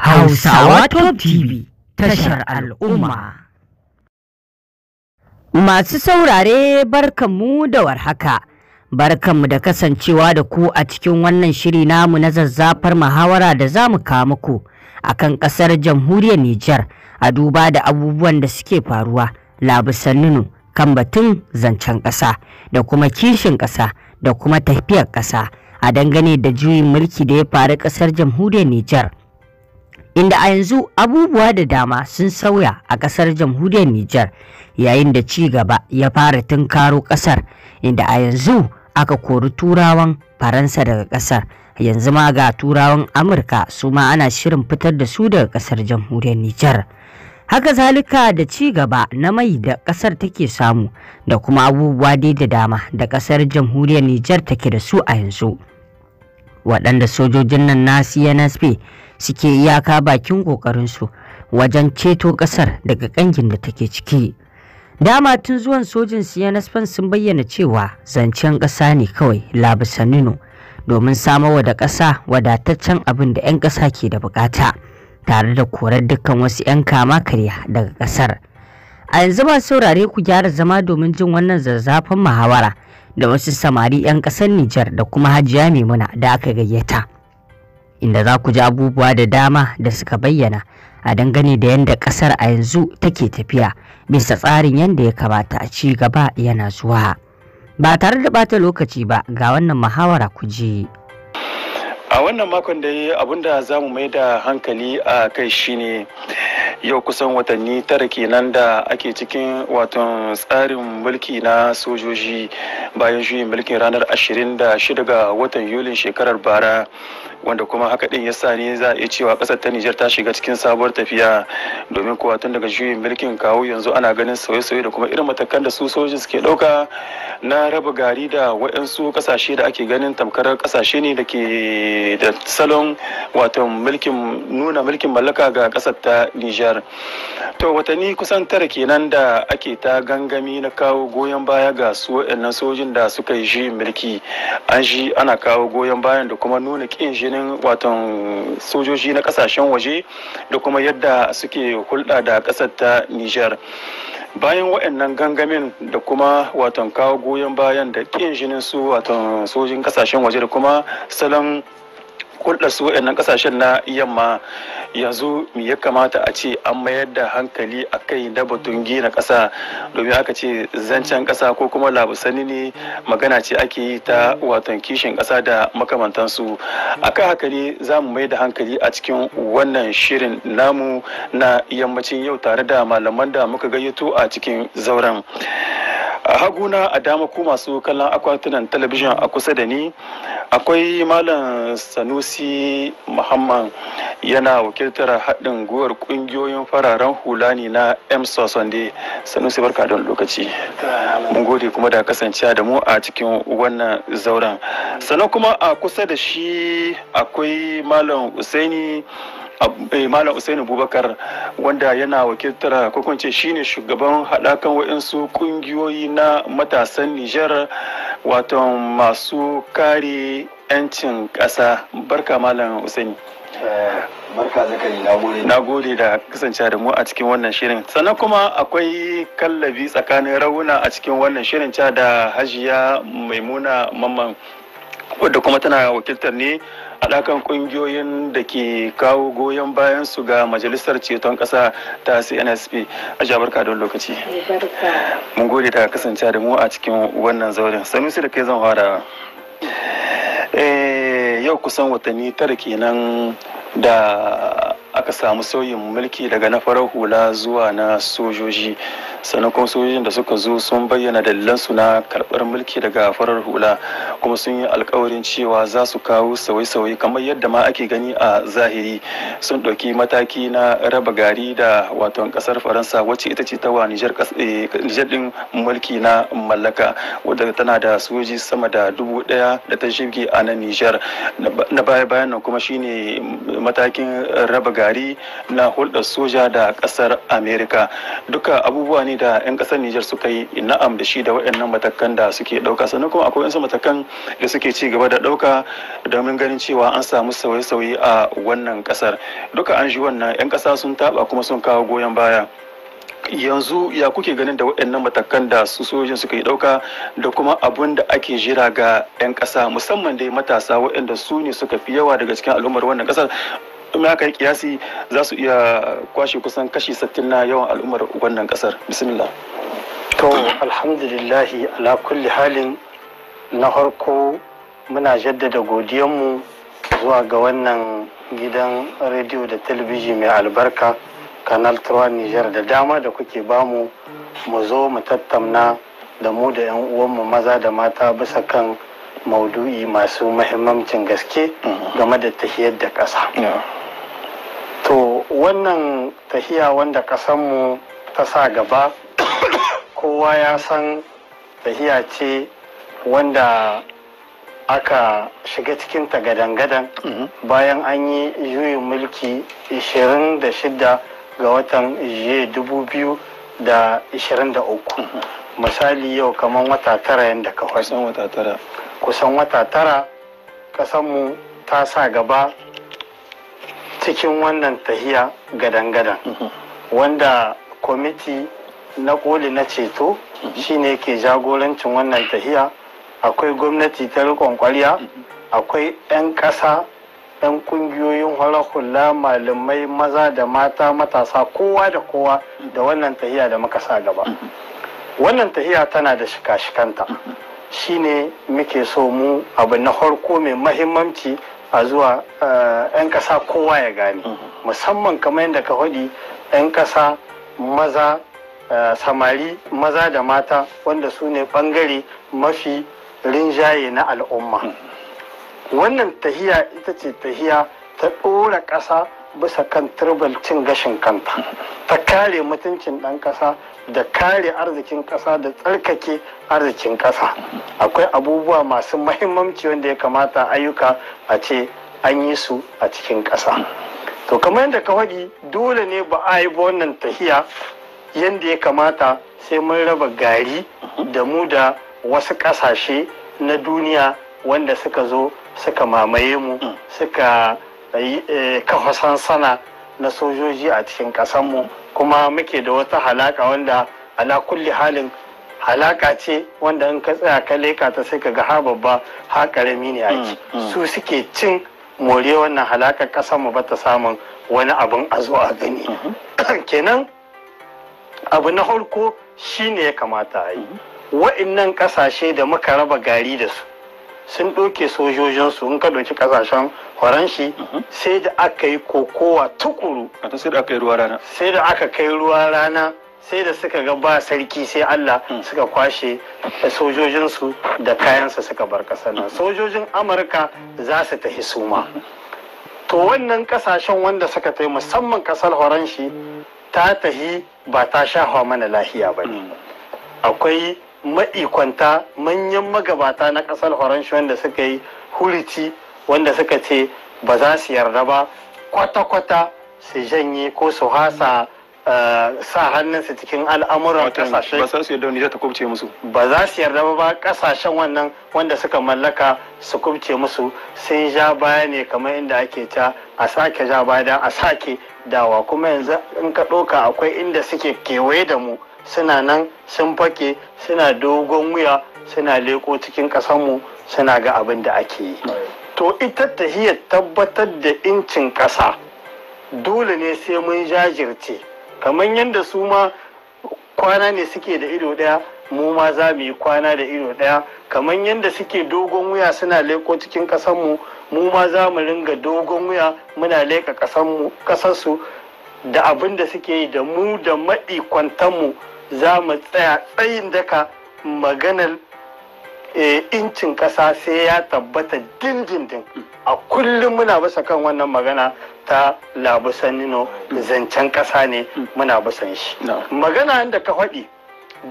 Hausawa Top TV tashar al'umma. Masu saurare "Barkan mu da warhaka. Barkanmu da kasancewa da ku a cikin wannan shiri namu na zazzafar muhawara da za mu kawo muku a kan ƙasar jamhuriyar Nijar a duba da abubuwan da suke faruwa labisanninu kan batun zancen ƙasa da kuma kishin ƙasa da kuma tafiyar ƙasa a dangane da juyin mulki da ya faru ƙasar jamhuriyar Nijar. inda a yanzu abubuwa da dama sun sauya a ƙasar jamhuriyar Nijar yayin da cigaba ya fara tunkaro ƙasar inda a yanzu aka kori turawan Faransa daga ƙasar yanzu ma ga turawan Amurka su ma ana shirin fitar da su daga ƙasar jamhuriyar Nijar. Haka zalika da ci gaba na mai da ƙasar take samu da kuma abubuwa dai da dama da ƙasar jamhuriyar Nijar take da su a yanzu. waɗanda sojojin nan na cnsp suke iyaka bakin ƙoƙarinsu wajen ceto ƙasar daga ƙangin da take ciki dama tun zuwan sojin cnsp sun bayyana cewa zancen ƙasa ne kawai labisanino domin samarwa da ƙasa wadataccen abin da 'yan ƙasa ke da bukata tare da korar dukkan wasu 'yan kama karya daga ƙasar a yanzu ba saurare ku gyara zama domin jin wannan zazzafin muhawara da wasu samari 'yan ƙasar Nijar da kuma Hajiya Maimuna da aka gayyata. Inda za ku ji abubuwa da dama da suka bayyana a dangane da yadda ƙasar a yanzu take tafiya bisa tsarin yadda ya kamata a ci gaba yana zuwa. Ba tare da ɓata lokaci ba ga wannan muhawara ku je. a wannan makon da abinda za mu mai da hankali a kai shine yau kusan watanni tara kenan da ake cikin watan tsarin mulki na sojoji bayan juyin mulkin ranar 26 ga watan yulin shekarar bara wanda kuma haka din ya sa ne za a iya cewa kasar ta Nijar ta shiga cikin sabuwar tafiya domin kuwa tun daga juyin mulkin kawo yanzu ana ganin sauye-sauye da kuma irin matakan da su sojin suke ɗauka na raba gari da waɗansu kasashe da ake ganin tamkar kasashe ne da ke da salon watan mulkin nuna mulkin mallaka ga kasar ta Nijar biyar to watanni kusan tara kenan da ake ta gangami na kawo goyon baya ga su waɗannan sojin da suka yi shi mulki an shi ana kawo goyon bayan da kuma nuna kin jinin watan sojoji na kasashen waje da kuma yadda suke hulɗa da ƙasar ta nijar bayan waɗannan gangamin da kuma watan kawo goyon bayan da kin jinin su watan sojin kasashen waje da kuma salon kulɗa su waɗannan ƙasashen na yamma yanzu me ya kamata a ce an mayar da hankali a kai na batun gina ƙasa domin aka ce zancen ƙasa ko kuma labusani ne magana ce ake yi ta watan kishin ƙasa da makamantansu akan haka ne za mu mai da hankali a cikin wannan shirin namu na yammacin yau tare da malaman da muka gayyato a cikin zauren. a haguna a dama ku masu kallon akwatunan talabijin a kusa da ni akwai malam sanusi muhammad yana wakiltar haɗin guwar ƙungiyoyin fararen hula ne na msos wanda sanusi barka don lokaci mun gode kuma da kasancewa da mu a cikin wannan zauren sannan kuma a kusa da shi akwai malam usaini Eh, malam usaini bubakar wanda yana wakiltar kokonce shi shine shugaban haɗakan wa'insu ƙungiyoyi na matasan nijar wato masu kare 'yancin ƙasa barka malam usaini eh, barka zakari na gode na gode da kasance da mu a cikin wannan shirin sannan kuma akwai kallabi tsakanin rauna a cikin wannan shirin ca da hajiya maimuna mamman wadda kuma tana wakiltar ne haɗakan ƙungiyoyin da ke kawo goyon bayan su ga majalisar ceton ƙasa ta cnsp a barka don lokaci mun gode da kasance da mu a cikin wannan zaurin sanusi da kai zan fara eh, yau kusan watanni tara kenan da aka samu sauyin mulki daga na farar hula zuwa na sojoji sannan kuma sojojin da suka zo sun bayyana dalilansu na karɓar mulki daga farar hula kuma sun yi alkawarin cewa za su kawo sauye-sauye kamar yadda ma ake gani a zahiri sun ɗauki mataki na raba gari da waton ƙasar faransa wacce ita ce ta eh, nijar ɗin mulki na mallaka wadda tana da sojoji sama da dubu ɗaya da ta shirge a na nijar na baya-bayan nan kuma shine matakin raba gari samari na hulɗar soja da ƙasar amerika duka abubuwa ne da 'yan ƙasar nijar suka yi na'am da shi da waɗannan matakan da suke ɗauka sannan kuma akwai wasu matakan da suke ci gaba da ɗauka domin ganin cewa an samu sauye-sauye a wannan ƙasar duka an ji wannan 'yan ƙasa sun taɓa kuma sun kawo goyon baya yanzu ya kuke ganin da waɗannan matakan da su sojin suka yi ɗauka da kuma abun da ake jira ga 'yan ƙasa musamman dai matasa waɗanda su ne suka fi yawa daga cikin al'ummar wannan ƙasar kuma aka yi kiyasi za su iya kwashe kusan kashi 60 na yawan al'ummar wannan kasar bismillah to alhamdulillahi ala kulli halin na harko muna jaddada godiyanmu zuwa ga wannan gidan rediyo da talabijin mai albarka kanal 3 nijar da dama da kuke bamu mu zo mu tattauna da mu da 'yan uwanmu maza da mata bisa kan maudu'i masu mahimmancin gaske mm-hmm. game da tahiyar da ƙasa. wannan tahiya wanda ƙasanmu ta sa gaba kowa ya san tahiya ce wanda aka shiga cikin tagadan-gadan mm-hmm. bayan an yi juyin mulki 26 ga watan da 2023 mm-hmm. misali yau kamar wata tara yadda ka kusan wata tara kusan wata tara kasanmu ta sa gaba cikin wannan tahiya gadan-gadan wanda kwamiti na koli na ceto shine ke jagorancin wannan tahiya akwai gwamnati ta rikon kwarya akwai 'yan ƙasa 'yan kungiyoyin hula malamai maza da mata matasa kowa da kowa da wannan tahiya da muka sa gaba wannan tahiya tana da shika-shikanta shine muke so mu abu na farko mai mahimmanci a zuwa 'yan eh, ƙasa kowa ya gane mhm. musamman kamar yadda ka faɗi 'yan kasa maza eh, samari maza da mata wanda su ne ɓangare mafi rinjaye na al'umma mhm. wannan tahiya ita ce tahiya ta ɗora ƙasa bisa kan turbal cin gashin kanta ta kare mutuncin ɗan ƙasa da kare arzikin ƙasa da tsarkake arzikin ƙasa akwai abubuwa masu mahimmanci wanda ya kamata ayyuka a ce an yi su a cikin ƙasa to kamar yadda ka faɗi dole ne ba a yi ba wannan tahiya yadda ya kamata sai mun raba gari da mu da wasu ƙasashe na duniya wanda suka zo suka mamaye mu suka Eh, kafa sansana na sojoji a cikin ƙasanmu kuma muke da wata halaka wanda ala kulli halin halaka ce wanda in ka tsaya ka leka ta sai ka ga ha babba ha karami ne ake mm, mm. su suke cin more wannan halakar ƙasanmu ba ta samun wani abin a zo a gani mm-hmm. kenan abu na farko shine ya kamata a yi mm-hmm. wa'innan ƙasashe da muka raba gari da su sun ɗauke sojojinsu in ka ɗauki ƙasashen faranshi mhm. sai da aka yi kokowa tukuru sai da aka yi ruwa rana sai da aka kai ruwa rana sai da suka ga ba sarki sai Allah hmm. suka kwashe sojojinsu da kayansa suka bar ƙasar nan hmm. sojojin amurka za su tafi suma to wannan ƙasashen wanda suka tafi musamman ƙasar faranshi ta tahi ba ta sha mana lahiya ba ne hmm. akwai ma'ikwanta manyan magabata na ƙasar faranshi wanda suka yi hurici wanda suka ce ba za su yarda ba kwata-kwata su janye ko su hasa sa hannunsu cikin al'amuran kasashe ba za su yarda Nijar ta kubce musu ba za su yarda ba kasashen wannan wanda suka mallaka su kubce musu sun ja baya ne kamar inda ake ta a sake ja baya da a sake dawa kuma yanzu in ka ɗoka akwai inda suke kewaye da mu suna nan sun fake suna dogon wuya suna leko cikin ƙasanmu suna ga abin da ake yi to ita tahiyar tabbatar da incin ƙasa dole ne sai mun jajirce kamar yadda su ma kwana ne suke da ido ɗaya mu ma za mu yi kwana da ido ɗaya kamar yadda suke dogon wuya suna leko cikin ƙasanmu mu ma za mu ringa dogon wuya muna leƙa ƙasarsu da abin da suke yi da mu da maɗi kwantanmu za mu tsaya tsayin daka maganar Eh, incin ƙasa sai ya tabbata dindindin hmm. a kullum muna basa kan wannan magana ta labusan nino hmm. zancen ƙasa ne hmm. muna basan shi magana da ka faɗi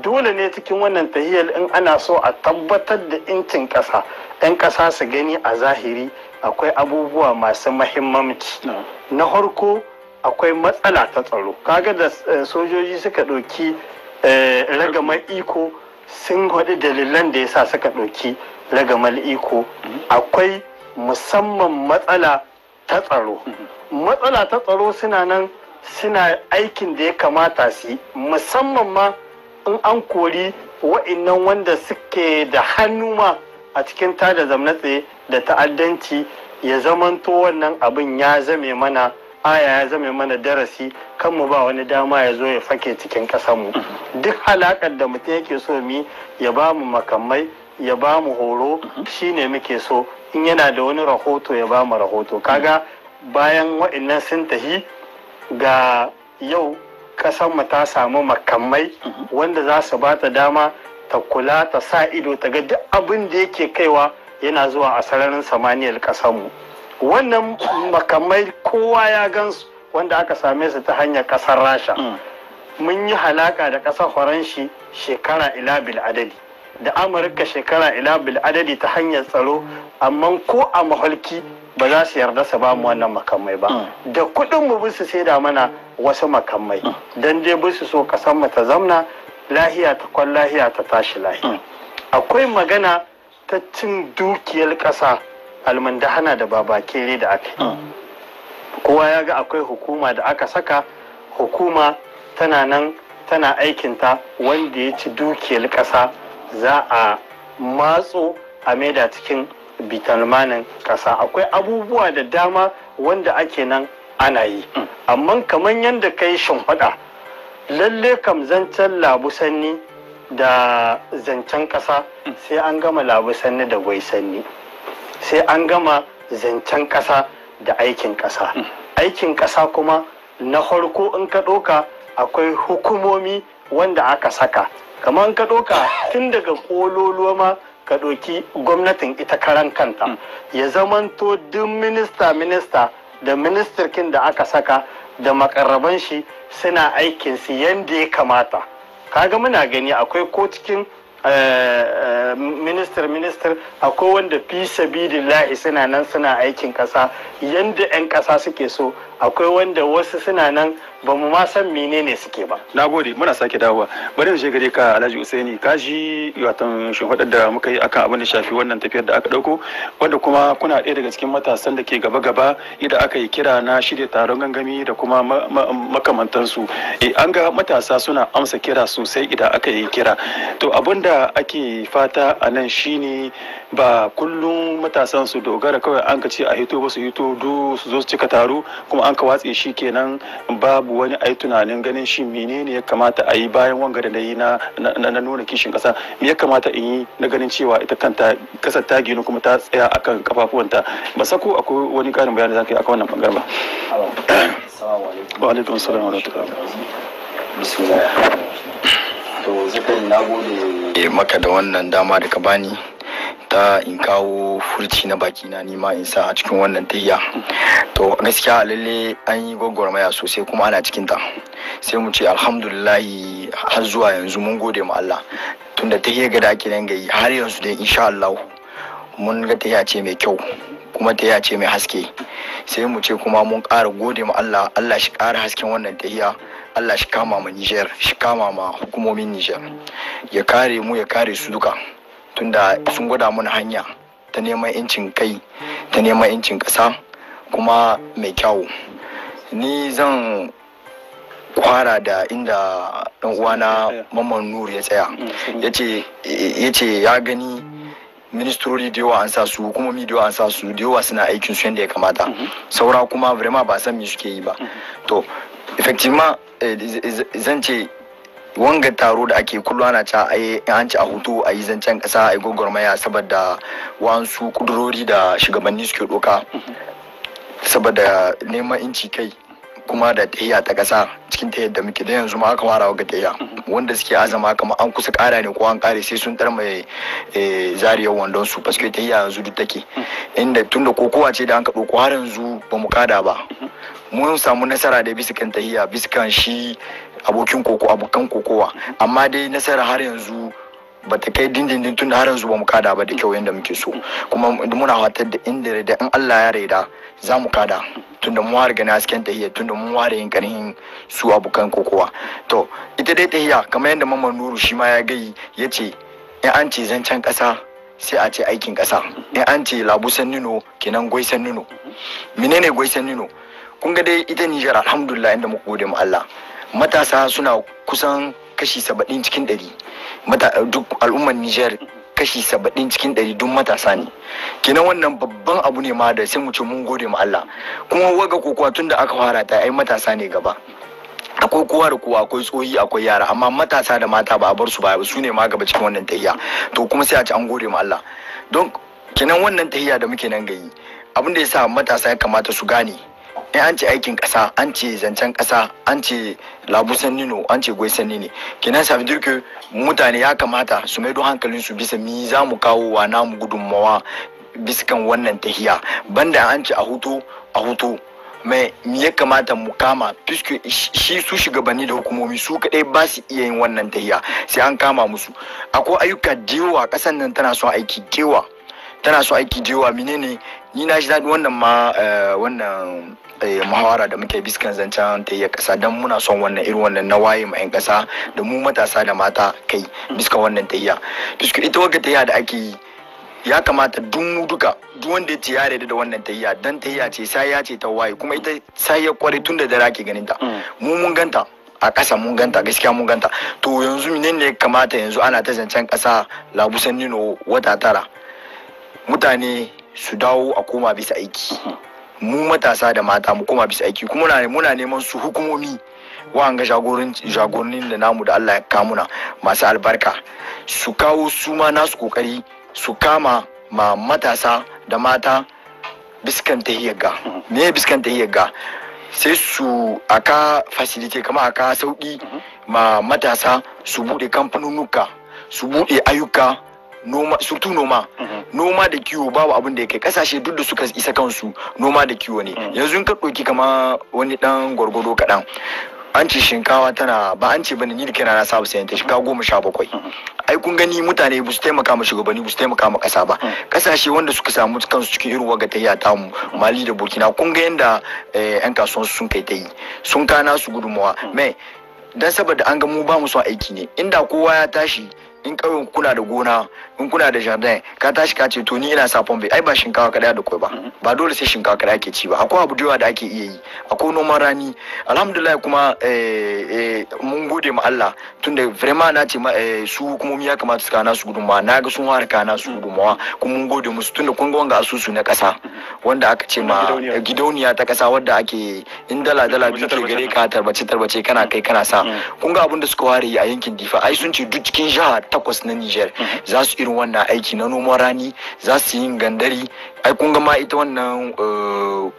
dole ne cikin wannan tahiyar in ana so a tabbatar da incin ƙasa 'yan ƙasa su gani a zahiri akwai abubuwa masu mahimmanci na harko akwai matsala ta tsaro kaga da eh, sojoji suka ɗauki eh, ragamar iko sun haɗu dalilan da ya sa suka ɗauki ragamal iko mm-hmm. akwai musamman matsala ta tsaro mm-hmm. matsala ta tsaro suna nan suna aikin da ya kamata su musamman ma in an kori wa'innan wanda suke da hannu ma a cikin tada zamnatse da ta'addanci ya zamanto wannan abin ya zame mana aya ya zame mana darasi kan mu ba wani dama ya zo ya fake cikin mu duk halakar da mutum yake so mi ya ba mu makamai ya ba mu horo shine muke so in yana da wani rahoto ya ba mu rahoto kaga bayan wa'annan sun tahi ga yau mu ta samu makamai wanda za su ba ta dama ta kula ta sa ido ta ga duk abin da yake kaiwa yana zuwa a sararin samaniyar mu. wannan makamai kowa ya gansu wanda aka same su ta hanyar kasar rasha mm. mun yi halaka da kasar faranshi shekara ila bil adadi da amurka shekara ila bil adadi ta hanyar tsaro amma ko a maholki ba za su yarda su ba mu wannan makamai ba mm. da kuɗin mu bisu sai da mana wasu makamai mm. dan dai bisu so kasar mu ta zamna lahiya ta kwan lahiya ta tashi lahiya akwai magana ta cin dukiyar ƙasa almandahana da babakere da aka yi mm. kowa ya ga akwai hukuma da aka saka hukuma tana nan tana aikinta wanda ya ci dukiyar ƙasa za a matso a maida cikin bitalmanin ƙasa akwai abubuwa da dama wanda ake nan ana yi mm. amma kamar yadda ka yi shimfaɗa lalle kam zancen labusanni da zancen ƙasa mm. sai an gama labusanni da gwaisanni. sai an gama zancen ƙasa da aikin ƙasa mm. aikin ƙasa kuma na farko in ka ɗoka akwai hukumomi wanda aka saka kamar in ka ɗoka tun daga ƙololuwa ma ka ɗoki gwamnatin ita karan kanta mm. ya zamanto duk minista minista da ministirkin da aka saka da makarraban shi suna aikinsu yadda ya kamata kaga muna gani akwai ko cikin Eh, eh, minister minister akwai wanda fi sabidillahi suna nan suna aikin kasa yanda 'yan kasa suke so akwai wanda wasu suna nan ba mu ma san menene suke ba na gode muna sake dawowa bari mu je gare ka Alhaji Usaini ka ji watan da muka yi akan abin da shafi wannan tafiyar da aka dauko wanda kuma kuna ɗaya daga cikin matasan da ke gaba gaba idan aka yi kira na shirya taron gangami da kuma makamantansu eh, an ga matasa suna amsa kira sosai idan aka yi kira to abin da ake fata a nan shine ba kullum matasan su dogara kawai an ka ce a hito ba su hito du su zo su cika taro kuma an ka watse shi kenan babu wani ayi tunanin ganin shi menene ya kamata a yi bayan wanga da na yi na nuna kishin kasa me ya kamata in yi na ganin cewa ita kanta kasar ta ginu kuma ta tsaya akan kafafuwanta ba sako akwai wani karin bayani za yi akan wannan bangaren ba wa alaikum assalam wa rahmatullahi bismillah to zakai nagode eh, maka da wannan dama da ka bani ta in kawo furci na baki na nima in sa a cikin wannan tayya to gaskiya lalle an yi gwagwarmaya sosai kuma ana cikin ta sai mu ce alhamdulillahi har zuwa yanzu mun gode ma Allah tunda ta ga da ake nan gayi har yanzu dai insha Allah mun ga ta ce mai kyau kuma ta ce mai haske sai mu ce kuma mun ƙara gode ma Allah Allah shi ƙara hasken wannan tahiya Allah shi kama ma Niger shi kama ma hukumomin Niger ya kare mu ya kare su duka tunda sun gwada mana hanya ta neman incin kai ta neman incin ƙasa kuma mai kyau ni zan kwara da inda ɗan uwana mamman nur ya tsaya mm, ya ce ya gani ministrori da yawa an sa su hukumomi da yawa an sa su da yawa suna aikin su yadda ya kamata mm-hmm. saura kuma vraiment ba san mi suke yi ba mm-hmm. to effectivement eh, zan ce wanga taro da ake kullu ana ca an ci a hutu a yi zancen kasa a yi gwagwarmaya saboda wasu kudurori da shugabanni suke doka saboda neman inci kai kuma da tahiya ta kasa cikin ta yadda muke da yanzu ma aka fara ga tahiya wanda suke azama kamar an kusa kara ne ko an kare sai sun mai eh, zariyar wandon su paske tahiya yanzu duk take inda tunda kokowa ce da an ka ko har yanzu ba mu kada ba mun samu nasara da bisa kan tahiya bisa shi abokin koko abokan kokowa amma dai nasara har yanzu ba ta kai dindindin tun da har yanzu ba mu kada ba da kyau yadda muke so kuma muna fatar da inda da in Allah ya raida za mu kada tun da mu gani hasken tahiya tun da mun ware yin karhin su abokan kokowa to ita dai tahiya kamar yadda mamman nuru shi ma ya gai ya ce in an ce zancen ƙasa sai a ce aikin ƙasa in an ce labusan nino kenan gwaisan nino menene gwaisan nino kun ga dai ita Nijar alhamdulillah inda muku gode mu Allah matasa suna kusan kashi saba'in cikin ɗari duk al'ummar Nijar kashi saba'in cikin ɗari duk matasa ne kenan wannan babban abu ne ma da sai mu ce mun gode ma Allah kuma waga kokowa tun da aka fara ta ai matasa ne gaba akwai kowa da kowa akwai tsohi akwai yara amma matasa da mata ba a bar su ba su ne ma gaba cikin wannan tahiya to kuma sai a ci an gode ma Allah don kenan wannan tahiya da muke nan gayi abin da yasa matasa ya kamata su gane in eh, an ce aikin kasa an ce zancen kasa an ce labusan nino an ce gwai sanni ne kenan sa dirke mutane ya kamata su maido hankalin su bisa mi za mu kawo wa namu gudunmawa biskan wannan tahiya banda an ce a hutu a hutu mai me ya kamata mu kama fiske shi su shugabanni da hukumomi su kaɗai ba su iya yin wannan tahiya sai an kama musu akwai ayyuka jewa kasan nan tana son aiki jewa tana so aiki jewa menene ni na ji daɗi wannan ma eh, wannan eh, muhawara da muke biskan zancen ta iya ƙasa don muna son wannan irin wannan na waye ma 'yan ƙasa da mu matasa da mata kai biska wannan ta iya ita wagga ta da ake yi ya kamata dunu duka duk wanda ya ce da wannan ta tahiya dan tahiya ce sai ya ce ta waye kuma ita sai ya kware tun da dare ake ganin ta mm. mu mun ganta a ƙasa mun ganta gaskiya mun ganta to yanzu ne ne kamata yanzu ana ta zancen ƙasa labusan nino wata tara mutane su dawo a koma bisa aiki mu matasa da mata mu koma bisa aiki kuma muna neman su hukumomi wa'anga jagorannin da namu da Allah ya kamuna masu albarka su kawo su ma nasu kokari su kama ma matasa da mata biskan yaga me biskan yaga sai su aka fasilite kama aka sauki ma matasa su bude nuka su bude ayyuka noma surtu noma mhm. noma da kiwo babu abin da ya kai kasashe duk da suka isa kansu noma da kiwo ne mhm. yanzu in ka ɗauki kama wani ɗan gwargwado kaɗan an ce shinkawa tana ba an ce bane ni da kaina na sabu sayan ta shinkawa goma sha bakwai mhm. ai kun gani mutane ba su taimaka ma shugabanni ba su taimaka ma kasa ba kasashe wanda suka samu kansu cikin irin waga tayya ta mu mali da burkina kun ga yanda yan eh, kasuwan sun kai ta yi sun kana su gudunmawa mai dan saboda an ga mu ba mu son aiki ne inda kowa ya tashi in kawai kuna da gona in kuna da jardin ka tashi ka ce to ni ina sa pombe ai ba shinkawa kadai da koi ba ba dole sai shinkawa kadai ake ci ba akwai abu da da ake iya yi akwai noman rani alhamdulillah kuma eh, eh, mun gode ma Allah tunda vraiment na ce eh, su hukumomi ya kamata su kana su gudunmawa na ga sun harka na su gudunmawa kuma mun gode musu tunda kun ga asusu na kasa wanda aka ce ma gidauniya ta kasa wanda ake in dala dala biyu ke gare ka tarbace tarbace kana kai kana sa mm. kun ga abin da suka ware a yankin difa ai sun ce duk cikin jihar takwas na Niger mhm. za su irin wannan aiki na noman rani za su yin gandari ai kun ga ma ita wannan eh,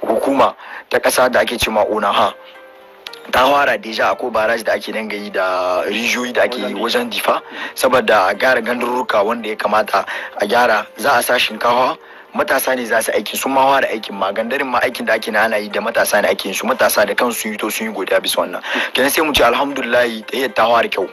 hukuma ta ƙasa da ake cewa ha ta fara deja akwai baraj da ake danga yi da rijiyoyi da ake wajen difa saboda a gyara gandaruruka wanda ya kamata a gyara za a sa shinkafa. matasa ne za su aiki sun ma da aikin ma gandarin ma aikin da ake na ana yi da matasa ne ake su matasa da kan sun yi to sun yi godiya bisa wannan kenan sai mu ce alhamdulillahi ta iya ta da kyau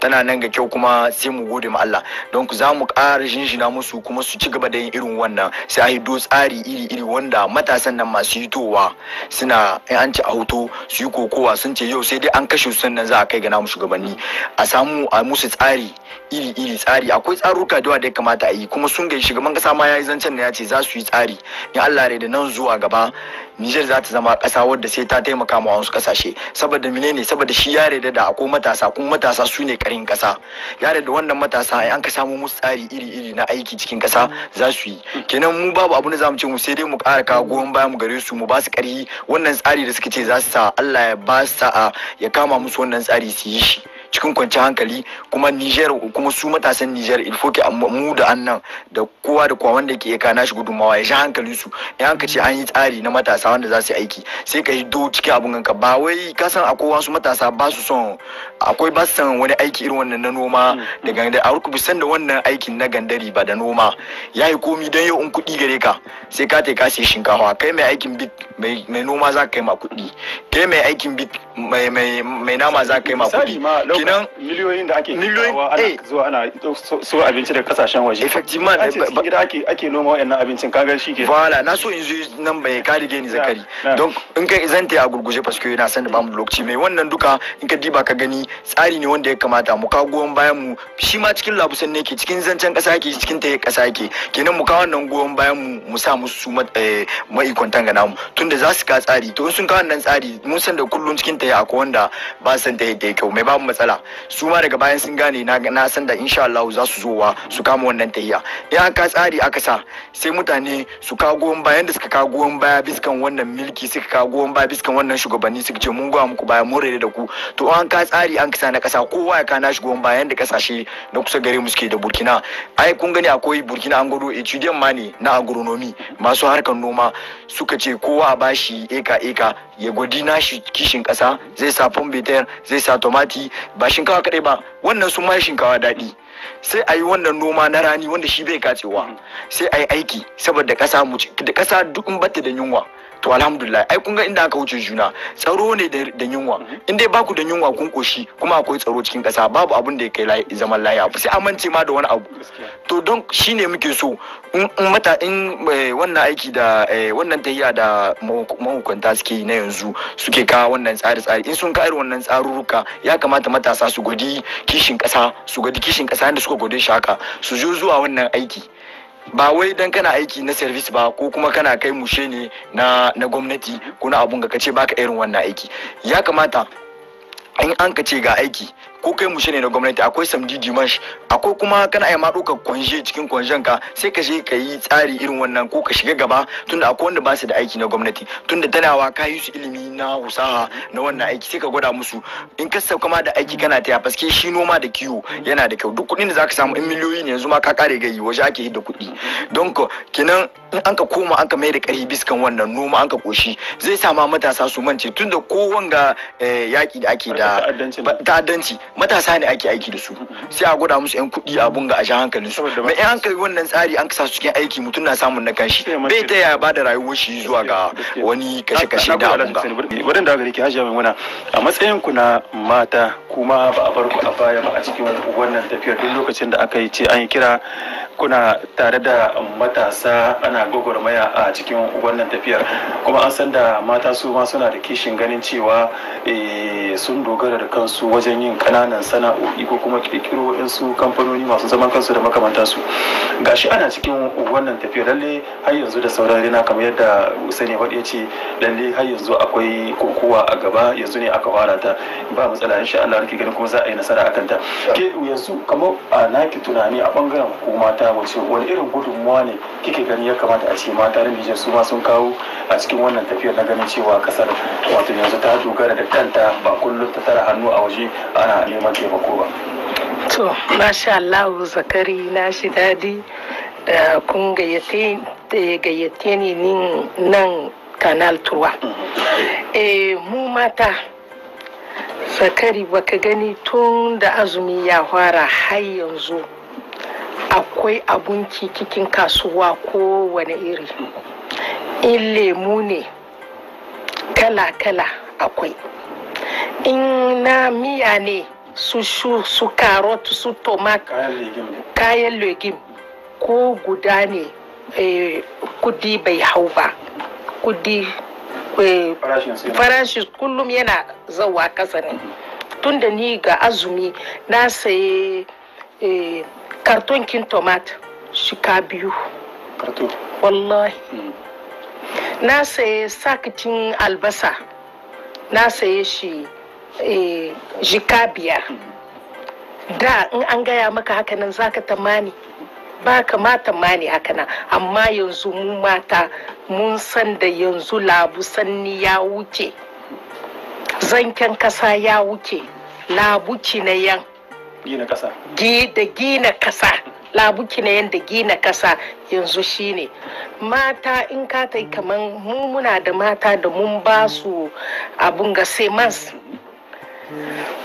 tana nan ga kyau kuma sai mu gode ma Allah don ku za mu ƙara shinshina musu kuma su ci gaba da yin irin wannan sai a yi do tsari iri-iri wanda matasan nan masu hitowa suna in an ci a hoto su yi kokowa sun ce yau sai dai an kashe su sannan za a kai ga namu shugabanni a samu a musu tsari iri-iri tsari akwai tsaruka da da ya kamata a yi kuma sun gai shugaban kasa ma ya yi zancen da ya ce za su yi tsari in Allah ya da nan zuwa gaba Nijar za ta zama kasa wadda sai ta taimaka ma wasu kasashe saboda menene saboda shi ya reda da akwai matasa kuma matasa su ne karin kasa ya da wannan matasa ai an ka samu musu tsari iri-iri na aiki cikin kasa za su yi kenan mu babu abu da mu ce mu sai dai mu ƙara kawo goyon baya mu gare su mu ba su ƙarfi wannan tsari da suka ce za su sa Allah ya ba su sa'a ya kama musu wannan tsari su yi shi cikin kwanci hankali kuma Niger kuma su matasan Niger il faut mu da annan da kowa da kowa wanda ke kana shi gudunmawa ya sha hankali su in hanka ce an yi tsari na matasa wanda za su aiki sai ka yi do cikin abun ka ba wai ka san akwai wasu matasa ba su son akwai ba su san wani aiki irin wannan na noma da mm. gandari a rukubu san da wannan aikin na gandari ba da noma ya yi komi don yau in kuɗi gare ka sai ka ka sai shinkafa kai mai aikin bit mai noma za ka kai ma kuɗi kai mai aikin bit mai nama za ka kai ma kuɗi dauka miliyoyin da ake kawo eh. zuwa ana so abinci daga kasashen waje effectivement an ce cikin gida ake ake noma wayannan abincin kaga shi ke voilà na so in zo nan bai ka rige zakari don in kai ta a gurguje paske na san da bamu lokaci mai wannan duka in ka diba ka gani tsari ne wanda ya kamata mu kawo goyon bayan mu shi ma cikin labusan ne ke cikin zancen kasa yake cikin ta kasa yake kenan mu kawo wannan goyon bayan mu mu sa musu ma'aikatan eh, ga namu tunda za su ka tsari to sun kawo wannan tsari mun san da kullun cikin ta akwai wanda ba san ta yake kyau ba mu matsala matsala su ma daga bayan sun gane na san da insha Allah za su wa su kama wannan tahiya in ka tsari aka sa sai mutane su ka goyon bayan da suka ka goyon baya biskan wannan milki suka ka goyon baya biskan wannan shugabanni suka ce mun goya muku baya mun rere da ku to an ka tsari an kasa na kasa kowa ya kana shi goyon bayan da kasashe na kusa gare mu suke da Burkina ai kun gani akwai Burkina an gado etudiant ma ne na agronomy masu harkar noma suka ce kowa a bashi eka eka ya gwadi nashi kishin kasa zai sa pomme zai sa tomati ba shinkawa kaɗai ba wannan sun ma shinkawa daɗi sai a yi wannan noma na rani wanda shi bai kacewa mm. sai a yi aiki saboda kasa da kasa duk bata da yunwa to alhamdulillah ai kun ga inda aka wuce juna tsaro ne da yunwa mm-hmm. in dai baku da yunwa kun koshi kuma akwai tsaro cikin kasa babu abin da ya kai zaman laya sai a amince ma da wani abu to don shine muke so in mata in eh, wannan aiki da eh, wannan tahiya da mahukunta suke yi na yanzu suke kawo wannan tsari-tsari in sun ka irin wannan tsarurruka ya kamata matasa su gwadi kishin kasa su gwadi kishin kasa da suka gode shi haka su zo zuwa wannan aiki ba wai dan kana aiki na service ba ko kuma kana kai mushe ne na na gwamnati ko na abun ga kace baka irin wannan aiki ya kamata in an kace ga aiki ko kai mu ne na gwamnati akwai samdi dimash akwai kuma kana ai ma ka kwanje cikin kwanjen ka sai ka je ka yi tsari irin wannan ko ka shiga gaba tunda akwai wanda ba su da aiki na gwamnati tunda tanawa ka yi su ilimi na husaha na wannan aiki sai ka gwada musu in ka sauka ma da aiki kana taya paske shi noma da kiwo yana da kyau duk kudin da zaka samu in miliyoyi ne yanzu ma ka kare gayi waje ake da kuɗi don kinan in an ka koma an ka mai da karfi biskan wannan noma an ka koshi zai sa ma matasa su mance tunda ko wanga eh, yaki da ake da ta'addanci matasa ne ake aiki da su sai a gwada musu yan kuɗi a bunga a sha hankalin su mai yan hankali wannan tsari an kasa cikin aiki mutum na samun na kanshi bai ta ya bada rayuwar shi zuwa ga wani kashe-kashe da abunga wurin da gari ke hajiya mai muna a matsayin ku na mata kuma ba a farko a baya ba a cikin wannan tafiyar duk lokacin da aka yi ce an yi kira kuna tare da matasa ana gwagwarmaya a cikin wannan tafiyar kuma an san da mata su ma suna da kishin ganin cewa eh, sun dogara da kansu wajen yin kana ƙananan sana'o'i ko kuma ƙirƙiro su kamfanoni masu zaman kansu da su gashi ana cikin wannan tafiya lalle har yanzu da sauran rina kamar yadda sani ya faɗi ce lalle har yanzu akwai kokowa a gaba yanzu ne aka fara ta ba matsala shi Allah ganin kuma za a yi nasara akan ta ke yanzu kamar a naki tunani a bangaren hukuma ta wace wani irin gudunmuwa ne kike gani ya kamata a ce mata da Nijar su ma sun kawo a cikin wannan tafiyar na ganin cewa kasar wato yanzu ta dogara da kanta ba kullum ta tara hannu a waje ana neman taimako ba to masha Allah zakari na shi dadi da kun gayyace ni nan kanal tuwa mhm. e eh, mu mata zakari baka gani tun da azumi ya fara har yanzu akwai abun cikin kasuwa kowane iri in lemu ne kala-kala akwai in na miya ne su shu su karot su kayan legume ko guda ne eh, kudi bai hau ba kudi eh, kullum yana zawa kasa ne tun ni ga azumi na saye eh, karton kin tomat shika biyu wallahi hmm. na saye sakitin albasa na saye shi Eh, jikabiya da in an gaya maka hakanan zaka tamani ba kamata mani hakanan amma yanzu mu mata mun san da yanzu labu sanni ya wuce zanken kasa ya wuce labu na gina da gina kasa labu yan da gina kasa yanzu shine mata in ka tai kaman mu muna da mata da mun ba su abun ga sai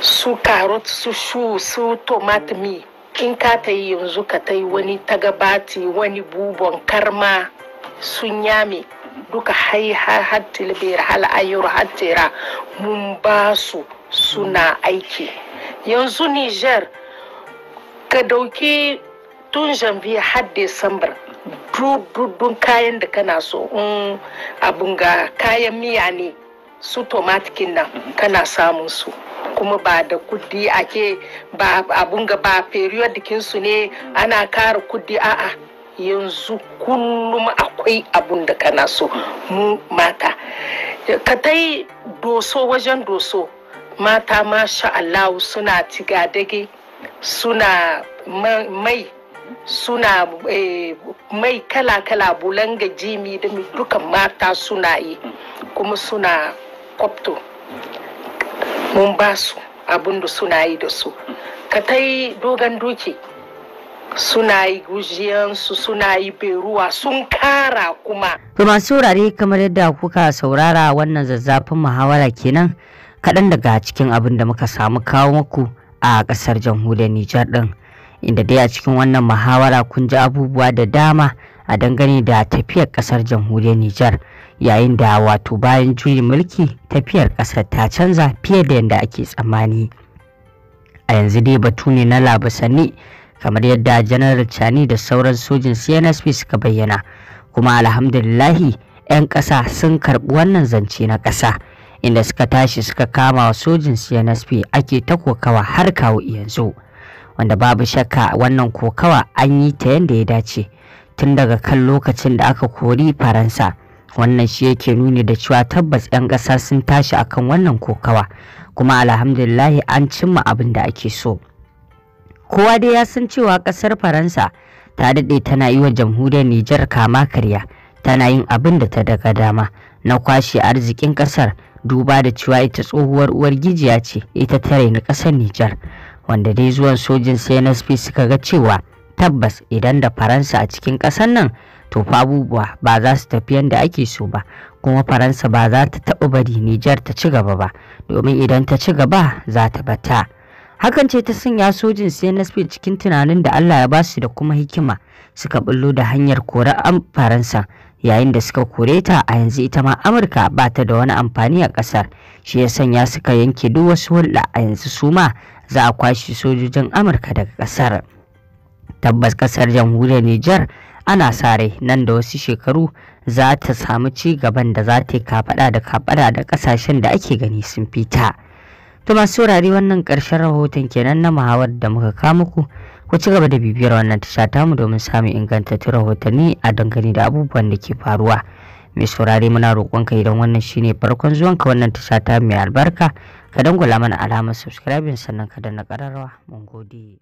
su karot su shu su tomat mi in ka ta yi yanzu ka ta yi wani tagabati wani bubon karma sun yame duka hai har tilbir hal ayyur hatira mun ba su suna aiki yanzu niger ka dauki tun janvier har december dudun kayan da kana so in abun ga kayan miya ne su tomatikin nan kana samun su kuma ba da kudi ake ba abun ga ba ne ana kara kudi a'a yanzu kullum akwai abun da kana so mu mata ka ta yi doso wajen doso mata masha Allah suna cigadage suna mai suna eh, mai kala-kala bulanga jimi da dukan mata suna yi kuma suna kwapto mun ba su abin da suna yi da su ka ta yi dogon duki suna yi gujiyansu suna yi beruwa sun kara kuma to masu wurare kamar yadda kuka saurara wannan zazzafin muhawara kenan kaɗan daga cikin abin da muka samu kawo muku a ƙasar jamhuriyar nijar ɗin inda dai a cikin wannan muhawara kun ji abubuwa da dama a dangane da tafiyar ƙasar jamhuriyar nijar yayin da wato bayan juyin mulki tafiyar ƙasar ta canza fiye da yadda ake tsammani a yanzu dai batu ne na labasanni kamar yadda janar Cani da sauran sojin cnsp suka bayyana kuma alhamdulillahi 'yan ƙasa sun karɓi wannan zance na ƙasa inda suka tashi suka kama wa sojin cnsp ake ta kokawa har kawo yanzu wanda babu shakka wannan kokawa an yi ta yadda ya dace tun daga kan lokacin da aka kori faransa wannan shi yake nuni da cewa tabbas 'yan ƙasa sun tashi akan wannan kokawa kuma alhamdulillahi an cimma abin da ake so kowa dai ya san cewa ƙasar faransa ta daɗe tana yi wa jamhuriyar nijar kama karya tana yin abin da ta daga dama na kwashe arzikin ƙasar duba da cewa ita tsohuwar uwar gijiya ce ita ta raini ƙasar nijar wanda dai zuwan sojin cnsp suka ga cewa tabbas idan da faransa a cikin ƙasar nan to fa abubuwa ba za su tafi yadda ake so ba kuma faransa ba za ta taɓa bari nijar ta ci gaba ba domin idan ta ci gaba za ta bata hakan ce ta sanya sojin sai cnsp cikin tunanin da allah ya basu da kuma hikima suka bullo da hanyar kore faransa yayin da suka kore ta a yanzu ita ma amurka ba ta da wani amfani a ƙasar, shi ya sanya suka yanke duk wasu hulɗa a yanzu su ma za a kwashe sojojin amurka daga kasar tabbas kasar jamhuriyar Nijar. ana sa rai nan da wasu shekaru za ta samu ci gaban da za ta yi kafaɗa da kafaɗa da kasashen da ake gani sun fita. To masu saurari wannan karshen rahoton kenan na muhawar da muka kawo muku ku ci gaba da bibiyar wannan tasha mu domin samun ingantattun rahotanni a dangane da abubuwan da ke faruwa. Mai saurari muna roƙonka idan wannan shine farkon zuwan ka wannan tasha ta mai albarka ka dangula mana alamar subscribing sannan ka danna ƙararrawa mun gode.